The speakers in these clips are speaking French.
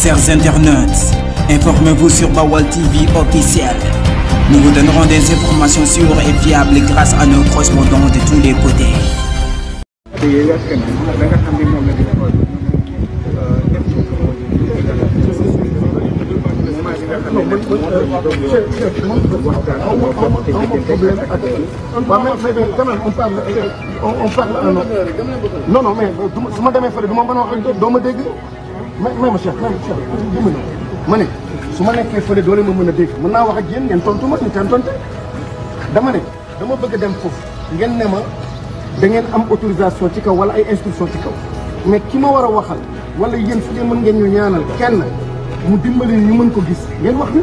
Chers internautes, informez-vous sur Bawal TV officiel. Nous vous donnerons des informations sûres et fiables grâce à nos correspondants de tous les côtés. mais ma ma ma Cheikh ma ma ma ne su ma nekkee fële doole ma mën a dégg mën naa wax a yéen ngeen tontu ma ñu dama ne dama bëgg a dem foofu ngeen ne ma da ngeen am autorisation ci kaw wala ay instruction ci kaw mais ki ma war a waxal wala yéen fu ngeen mën ngeen ñu ñaanal kenn mu dimbali ñu mën ko gis ngeen wax ni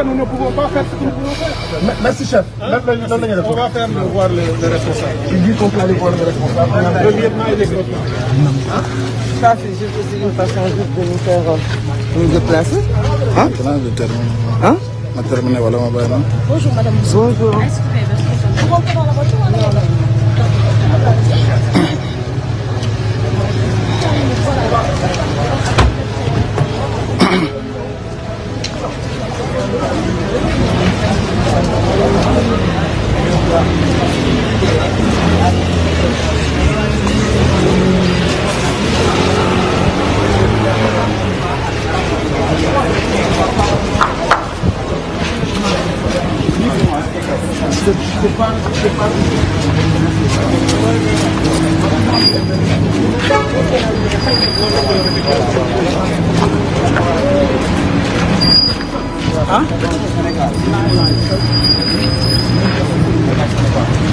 pas, nous ne pouvons pas faire ce que nous pouvons faire. Merci, chef. Hein? Merci. On va faire voir le, le responsable. Il dit qu'on peut aller voir le responsable. Le lieutenant et des hein? Ça, c'est juste une façon juste de nous faire euh, nous déplacer. Hein? Hein? Bonjour, madame. Bonjour. Vous rentrez dans la voiture Thank you. 啊？